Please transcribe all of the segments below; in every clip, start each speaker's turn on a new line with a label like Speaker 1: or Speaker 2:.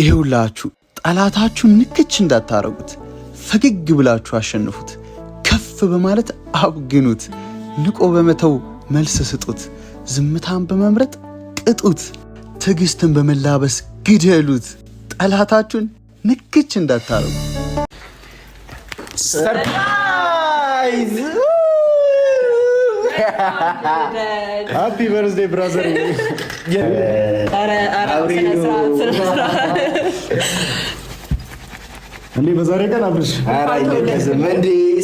Speaker 1: ይሄውላችሁ ጠላታችሁን ንክች እንዳታረጉት፣ ፈገግ ብላችሁ አሸንፉት። ከፍ በማለት አብግኑት። ንቆ በመተው መልስ ስጡት። ዝምታን በመምረጥ ቅጡት። ትዕግስትን በመላበስ ግደሉት። ጠላታችሁን ንክች እንዳታረጉ።
Speaker 2: ሰርፕራይዝ! ሃፒ በርዝዴ ብራዘር! እንዴ በዛሬ ቀን አብርሽ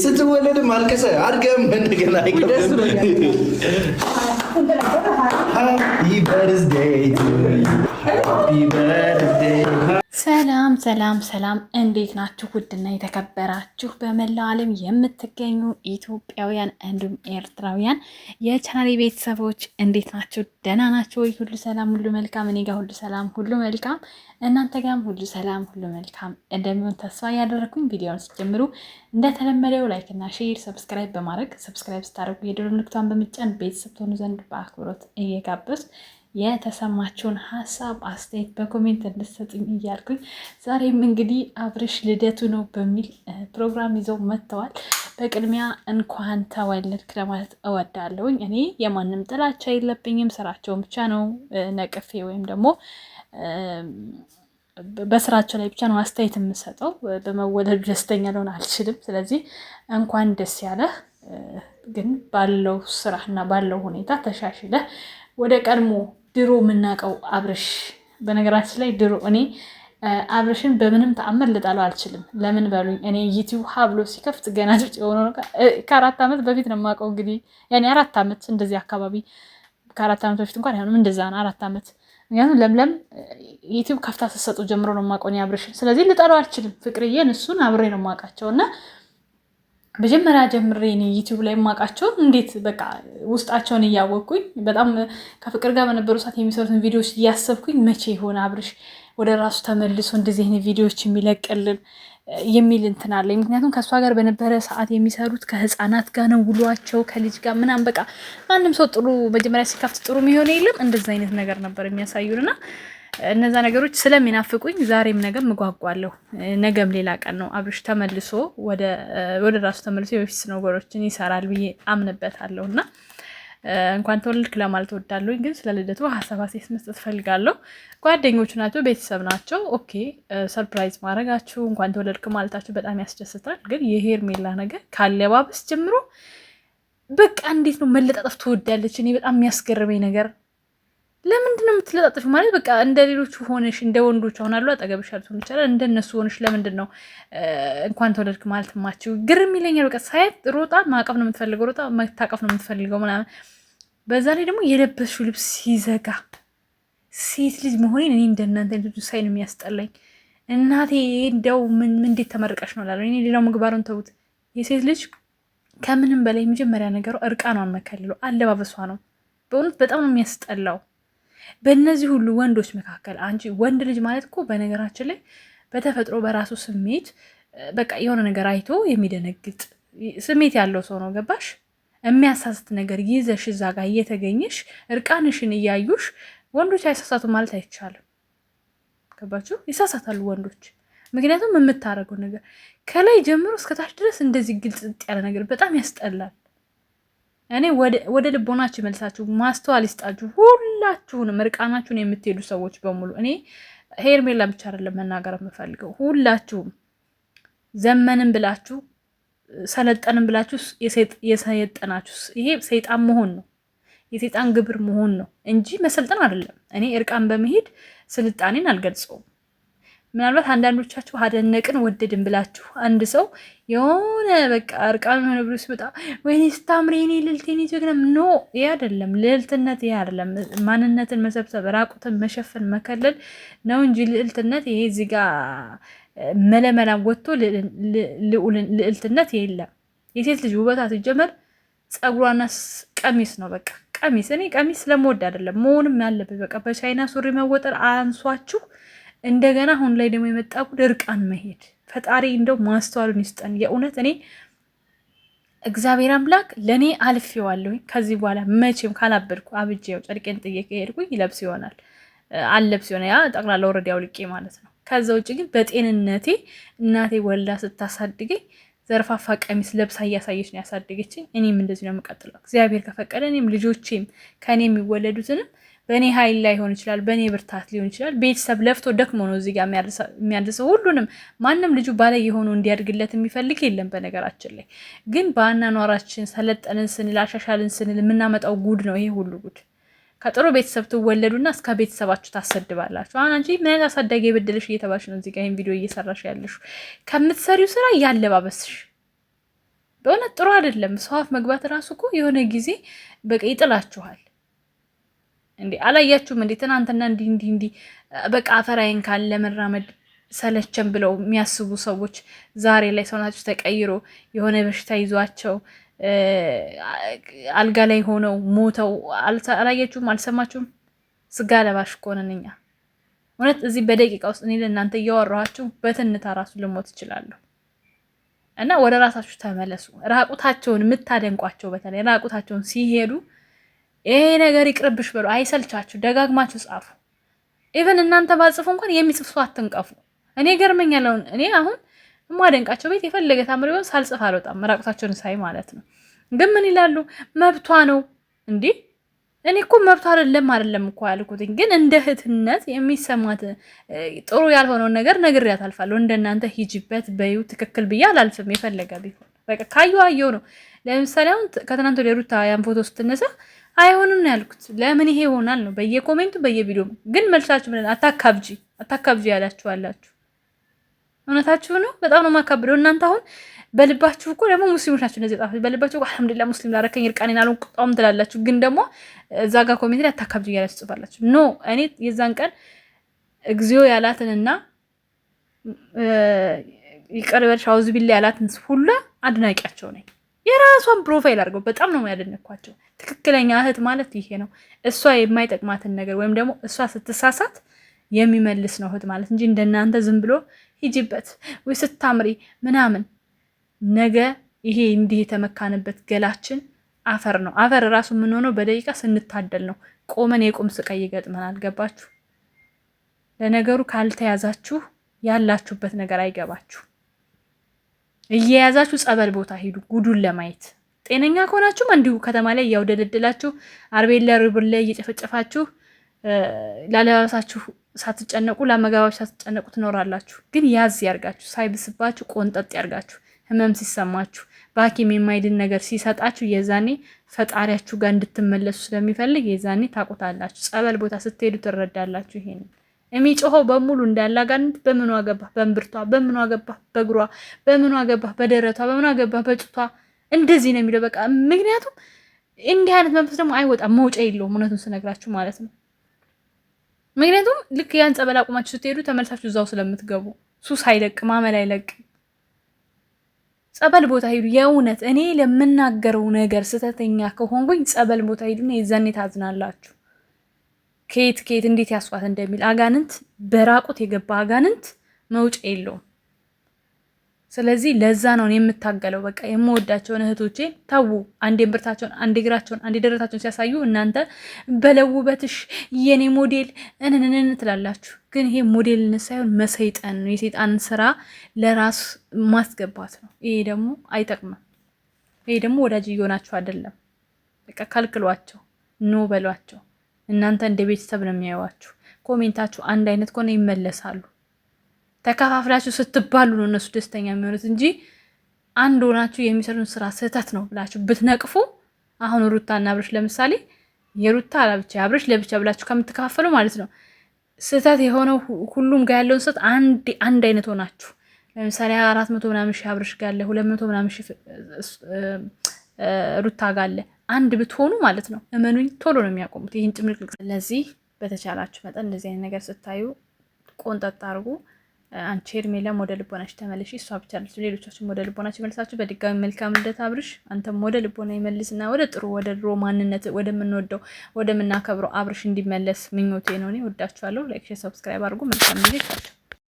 Speaker 2: ስትወለድ ማልቀሰ አድገም እንደገና ይበርዝዴ
Speaker 3: ሰላም ሰላም ሰላም፣ እንዴት ናችሁ? ውድና የተከበራችሁ በመላው ዓለም የምትገኙ ኢትዮጵያውያን እንዲሁም ኤርትራውያን የቻናሌ ቤተሰቦች እንዴት ናችሁ? ደህና ናችሁ ወይ? ሁሉ ሰላም፣ ሁሉ መልካም። እኔ ጋር ሁሉ ሰላም፣ ሁሉ መልካም። እናንተ ጋርም ሁሉ ሰላም፣ ሁሉ መልካም እንደሚሆን ተስፋ እያደረግኩኝ ቪዲዮውን ስትጀምሩ እንደተለመደው ላይክና ሼር፣ ሰብስክራይብ በማድረግ ሰብስክራይብ ስታደርጉ የደወል ምልክቷን በመጫን ቤተሰብ ትሆኑ ዘንድ በአክብሮት እየጋበዝኩ የተሰማችውን ሀሳብ አስተያየት በኮሜንት እንድትሰጡኝ እያልኩኝ ዛሬም እንግዲህ አብርሽ ልደቱ ነው በሚል ፕሮግራም ይዘው መጥተዋል። በቅድሚያ እንኳን ተወለድክ ለማለት እወዳለሁኝ። እኔ የማንም ጥላቻ የለብኝም። ስራቸውን ብቻ ነው ነቅፌ ወይም ደግሞ በስራቸው ላይ ብቻ ነው አስተያየት የምሰጠው። በመወለዱ ደስተኛ ልሆን አልችልም። ስለዚህ እንኳን ደስ ያለህ፣ ግን ባለው ስራና ባለው ሁኔታ ተሻሽለህ ወደ ቀድሞ ድሮ የምናውቀው አብርሽ። በነገራችን ላይ ድሮ እኔ አብርሽን በምንም ተአምር ልጠለው አልችልም። ለምን በሉኝ፣ እኔ ዩቲዩብ ሀ ብሎ ሲከፍት ገና ጭጭ የሆነ ከአራት ዓመት በፊት ነው የማውቀው። እንግዲህ ያኔ አራት ዓመት እንደዚህ አካባቢ ከአራት ዓመት በፊት እንኳን አይሆንም፣ እንደዛ ነው አራት ዓመት። ምክንያቱም ለምለም ዩቲዩብ ከፍታ ስትሰጡ ጀምሮ ነው የማውቀው እኔ አብርሽን። ስለዚህ ልጠለው አልችልም። ፍቅርዬን፣ እሱን አብሬ ነው የማውቃቸው እና መጀመሪያ ጀምሬ ነው ዩቲዩብ ላይ የማውቃቸውን እንዴት በቃ ውስጣቸውን እያወቅኩኝ በጣም ከፍቅር ጋር በነበሩ ሰዓት የሚሰሩትን ቪዲዮዎች እያሰብኩኝ መቼ የሆነ አብርሽ ወደ ራሱ ተመልሶ እንደዚህ አይነት ቪዲዮዎች የሚለቅልን የሚል እንትን አለኝ። ምክንያቱም ከእሷ ጋር በነበረ ሰዓት የሚሰሩት ከህፃናት ጋር ነው ውሏቸው ከልጅ ጋር ምናምን በቃ ማንም ሰው ጥሩ መጀመሪያ ሲከፍት ጥሩ የሚሆን የለም እንደዚህ አይነት ነገር ነበር የሚያሳዩን እና እነዛ ነገሮች ስለሚናፍቁኝ ዛሬም ነገም እጓጓለሁ። ነገም ሌላ ቀን ነው። አብርሽ ተመልሶ ወደ ራሱ ተመልሶ የበፊት ነገሮችን ይሰራል ብዬ አምንበታለሁ እና እንኳን ተወለድክ ለማለት እወዳለሁ። ግን ስለ ልደቱ ሀሳብ አስተያየት መስጠት ፈልጋለሁ። ጓደኞቹ ናቸው፣ ቤተሰብ ናቸው። ኦኬ ሰርፕራይዝ ማድረጋችሁ እንኳን ተወለድክ ማለታችሁ በጣም ያስደስታል። ግን የሄርሜላ ነገር ካለባበስ ጀምሮ በቃ እንዴት ነው መለጣጠፍ ትወዳለች። እኔ በጣም የሚያስገርመኝ ነገር ለምንድን ነው የምትለጣጥፊ? ማለት በቃ እንደ ሌሎቹ ሆነሽ እንደ ወንዶች አሁን አሉ አጠገብሽ ልትሆን ይቻላል። እንደ እነሱ ሆነሽ ለምንድን ነው እንኳን ተወለድክ ማለት ማችው? ግርም ይለኛል። በቃ ሳያት ሮጣ ማቀፍ ነው የምትፈልገው፣ ሮጣ መታቀፍ ነው የምትፈልገው ምናምን። በዛ ላይ ደግሞ የለበስሽው ልብስ ሲዘጋ ሴት ልጅ መሆኔን እኔ እንደናንተ ልጅ ሳይ ነው የሚያስጠላኝ። እናቴ እንደው ምን እንዴት ተመርቀሽ ነው ላለ እኔ ሌላው ምግባሩን ተውት። የሴት ልጅ ከምንም በላይ መጀመሪያ ነገሩ እርቃኗን መከልለው አለባበሷ ነው። በእውነት በጣም ነው የሚያስጠላው። በእነዚህ ሁሉ ወንዶች መካከል አንቺ ወንድ ልጅ ማለት እኮ በነገራችን ላይ በተፈጥሮ በራሱ ስሜት በቃ የሆነ ነገር አይቶ የሚደነግጥ ስሜት ያለው ሰው ነው። ገባሽ? የሚያሳስት ነገር ይዘሽ እዛ ጋር እየተገኘሽ እርቃንሽን እያዩሽ ወንዶች አይሳሳቱ ማለት አይቻልም። ገባችሁ? ይሳሳታሉ ወንዶች። ምክንያቱም የምታደርገው ነገር ከላይ ጀምሮ እስከታች ድረስ እንደዚህ ግልጽ ያለ ነገር በጣም ያስጠላል። እኔ ወደ ልቦናችሁ ይመልሳችሁ፣ ማስተዋል ይስጣችሁ። ሁላችሁንም እርቃናችሁን የምትሄዱ ሰዎች በሙሉ እኔ ሄርሜላ ብቻ አይደለም መናገር የምፈልገው፣ ሁላችሁም ዘመንም ብላችሁ ሰለጠንም ብላችሁ የሰየጠናችሁ ይሄ ሰይጣን መሆን ነው፣ የሰይጣን ግብር መሆን ነው እንጂ መሰልጠን አይደለም። እኔ እርቃን በመሄድ ስልጣኔን አልገልጸውም። ምናልባት አንዳንዶቻችሁ አደነቅን ወደድን ብላችሁ አንድ ሰው የሆነ በቃ እርቃኑን ሆነ ብሎ ሲመጣ ወይኔ ስታምር የኔ ልዕልት የኔ ኖ፣ ይህ አይደለም ልዕልትነት፣ ይህ አይደለም ማንነትን መሰብሰብ፣ ራቁትን መሸፈን፣ መከለል ነው እንጂ ልዕልትነት ይሄ እዚህ መለመላ ወጥቶ ልዕልትነት የለም። የሴት ልጅ ውበታ ሲጀመር ፀጉሯና ቀሚስ ነው በቃ ቀሚስ። እኔ ቀሚስ ስለምወድ አይደለም መሆንም ያለበት በቃ በቻይና ሱሪ መወጠር አንሷችሁ እንደገና አሁን ላይ ደግሞ የመጣው እርቃን መሄድ። ፈጣሪ እንደው ማስተዋሉን ይስጠን። የእውነት እኔ እግዚአብሔር አምላክ ለእኔ አልፌዋለሁ። ከዚህ በኋላ መቼም ካላበድኩ አብጄው ጨርቄን ጥዬ ከሄድኩኝ ይለብስ ይሆናል አለብስ ሆነ ያ ጠቅላላ ወረድ ያውልቄ ማለት ነው። ከዛ ውጭ ግን በጤንነቴ እናቴ ወልዳ ስታሳድገኝ ዘርፋፋ ቀሚስ ለብሳ እያሳየች ነው ያሳደገችኝ። እኔም እንደዚህ ነው የምቀጥለው እግዚአብሔር ከፈቀደ እኔም ልጆቼም ከእኔ የሚወለዱትንም በእኔ ኃይል ላይሆን ይችላል፣ በእኔ ብርታት ሊሆን ይችላል። ቤተሰብ ለፍቶ ደክሞ ነው እዚጋ ጋር የሚያድሰው። ሁሉንም ማንም ልጁ ባለ የሆኑ እንዲያድግለት የሚፈልግ የለም። በነገራችን ላይ ግን በአኗኗራችን ሰለጠንን ስንል አሻሻልን ስንል የምናመጣው ጉድ ነው ይሄ ሁሉ ጉድ። ከጥሩ ቤተሰብ ትወለዱና እስከ ቤተሰባችሁ ታሰድባላችሁ። አሁን አንቺ ምን አይነት አሳዳጊ የበደለሽ እየተባልሽ ነው እዚጋ ይህን ቪዲዮ እየሰራሽ ያለሽ። ከምትሰሪው ስራ እያለባበስሽ በእውነት ጥሩ አይደለም። ሰው አፍ መግባት እራሱ እኮ የሆነ ጊዜ በቃ ይጥላችኋል። እንዴ አላያችሁም እንዴ ትናንትና እንዲህ እንዲህ እንዲህ በቃ አፈራይን ካለ ለመራመድ ሰለቸን ብለው የሚያስቡ ሰዎች ዛሬ ላይ ሰውናቸው ተቀይሮ የሆነ በሽታ ይዟቸው አልጋ ላይ ሆነው ሞተው አላያችሁም? አልሰማችሁም? ስጋ ለባሽ ከሆነን እኛ እውነት እዚህ በደቂቃ ውስጥ እኔ ለእናንተ እያወራኋችሁ በትንታ ራሱ ልሞት እችላለሁ። እና ወደ ራሳችሁ ተመለሱ። ራቁታቸውን የምታደንቋቸው በተለይ ራቁታቸውን ሲሄዱ ይሄ ነገር ይቅርብሽ በሉ። አይሰልቻችሁ፣ ደጋግማችሁ ጻፉ። ኢቨን እናንተ ባጽፉ እንኳን የሚጽፍ ሰው አትንቀፉ። እኔ ነው። እኔ አሁን የማደንቃቸው ቤት የፈለገ ታምር ቢሆን ሳልጽፍ አልወጣም፣ መራቁታቸውን ሳይ ማለት ነው። ግን ምን ይላሉ? መብቷ ነው እንዲህ እኔ እኮ መብቷ አይደለም አይደለም እኮ ያልኩትኝ፣ ግን እንደ እህትነት የሚሰማት ጥሩ ያልሆነውን ነገር ነግሬያት አልፋለሁ። እንደናንተ ሂጂበት በዩ ትክክል ብዬ አላልፍም። የፈለገ ቢሆን በቃ ካየሁ አየሁ ነው። ለምሳሌ አሁን ከትናንት ወዲያ ፎቶ ስትነሳ አይሆንም ነው ያልኩት። ለምን ይሄ ይሆናል ነው በየኮሜንቱ በየቪዲዮ ግን መልሳችሁ ምን አታካብጂ አታካብጂ ያላችሁ አላችሁ። እውነታችሁ ነው። በጣም ነው ማካብደው። እናንተ አሁን በልባችሁ እኮ ደግሞ ሙስሊሞች ናቸው እነዚህ ጣፋ በልባችሁ አልሐምዱሊላህ ሙስሊም ላረከኝ እርቃኔን አልወቅጣውም ትላላችሁ። ግን ደግሞ እዛ ጋር ኮሜንት ላይ አታካብጂ እያላችሁ ጽፋላችሁ። ኖ እኔ የዛን ቀን እግዚኦ ያላትንና ይቀርበልሽ አውዝ ቢላ ያላትን ሁላ አድናቂያቸው ነኝ። የራሷን ፕሮፋይል አድርገው በጣም ነው ያደነኳቸው። ትክክለኛ እህት ማለት ይሄ ነው። እሷ የማይጠቅማትን ነገር ወይም ደግሞ እሷ ስትሳሳት የሚመልስ ነው እህት ማለት እንጂ እንደናንተ ዝም ብሎ ሂጂበት ወይ ስታምሪ ምናምን ነገ ይሄ እንዲህ የተመካንበት ገላችን አፈር ነው። አፈር ራሱ የምንሆነው በደቂቃ ስንታደል ነው። ቆመን የቁም ስቃይ ይገጥመን። አልገባችሁ? ለነገሩ ካልተያዛችሁ ያላችሁበት ነገር አይገባችሁ። እየያዛችሁ ጸበል ቦታ ሂዱ ጉዱን ለማየት። ጤነኛ ከሆናችሁም እንዲሁ ከተማ ላይ እያውደደደላችሁ አርቤላ ርብር ላይ እየጨፈጨፋችሁ ላለባበሳችሁ ሳትጨነቁ ለአመጋባችሁ ሳትጨነቁ ትኖራላችሁ። ግን ያዝ ያርጋችሁ፣ ሳይብስባችሁ ቆንጠጥ ያርጋችሁ። ህመም ሲሰማችሁ በሐኪም የማይድን ነገር ሲሰጣችሁ የዛኔ ፈጣሪያችሁ ጋር እንድትመለሱ ስለሚፈልግ የዛኔ ታውቁታላችሁ። ጸበል ቦታ ስትሄዱ ትረዳላችሁ ይሄንን የሚጮኸው በሙሉ እንዳለ አጋንንት በምኗ ገባ በእምብርቷ፣ በምኗ ገባ በእግሯ፣ በምኗ ገባ በደረቷ፣ በምኗ ገባ በጭቷ እንደዚህ ነው የሚለው በቃ። ምክንያቱም እንዲህ አይነት መንፈስ ደግሞ አይወጣም፣ መውጫ የለውም። እውነቱን ስነግራችሁ ማለት ነው። ምክንያቱም ልክ ያን ጸበል አቁማችሁ ስትሄዱ ተመልሳችሁ እዛው ስለምትገቡ ሱስ አይለቅም፣ አመል አይለቅም። ጸበል ቦታ ሄዱ። የእውነት እኔ ለምናገረው ነገር ስተተኛ ከሆንኩኝ ጸበል ቦታ ሄዱና የዛኔ ታዝናላችሁ። ከየት ከየት እንዴት ያስዋት እንደሚል አጋንንት በራቁት የገባ አጋንንት መውጫ የለውም። ስለዚህ ለዛ ነው የምታገለው። በቃ የምወዳቸውን እህቶቼ ተዉ። አንዴ ብርታቸውን፣ አንዴ እግራቸውን፣ አንዴ ደረታቸውን ሲያሳዩ እናንተ በለውበትሽ የኔ ሞዴል እንንንን ትላላችሁ። ግን ይሄ ሞዴልን ሳይሆን መሰይጠን ነው። የሰይጣንን ስራ ለራስ ማስገባት ነው። ይሄ ደግሞ አይጠቅምም። ይሄ ደግሞ ወዳጅ እየሆናችሁ አይደለም። በቃ ከልክሏቸው፣ ኖ በሏቸው። እናንተ እንደ ቤተሰብ ነው የሚያዩዋችሁ። ኮሜንታችሁ አንድ አይነት ከሆነ ይመለሳሉ። ተከፋፍላችሁ ስትባሉ ነው እነሱ ደስተኛ የሚሆኑት እንጂ አንድ ሆናችሁ የሚሰሩን ስራ ስህተት ነው ብላችሁ ብትነቅፉ አሁን ሩታና አብርሽ ለምሳሌ የሩታ ለብቻ አብርሽ ለብቻ ብላችሁ ከምትከፋፈሉ ማለት ነው ስህተት የሆነው ሁሉም ጋር ያለውን ስህተት አንድ አይነት ሆናችሁ ለምሳሌ አራት መቶ ምናምን ሺህ አብርሽ ጋር አለ፣ ሁለት መቶ ምናምን ሺህ ሩታ ጋር አለ። አንድ ብትሆኑ ማለት ነው እመኑኝ፣ ቶሎ ነው የሚያቆሙት ይህን ጭምልቅልቅ። ስለዚህ በተቻላችሁ መጠን እንደዚህ አይነት ነገር ስታዩ ቆንጠጥ አድርጉ። አንቺ ሄርሜላም ወደ ልቦናች ተመልሽ፣ እሷ ብቻ አለች። ሌሎቻችሁም ወደ ልቦናች ይመልሳችሁ። በድጋሚ መልካም ልደት አብርሽ፣ አንተም ወደ ልቦና ይመልስና ወደ ጥሩ ወደ ድሮ ማንነት ወደምንወደው ወደምናከብረው አብርሽ እንዲመለስ ምኞቴ ነው። እኔ ወዳችኋለሁ። ላይክ፣ ሰብስክራይብ አድርጉ። መልካም ጊዜ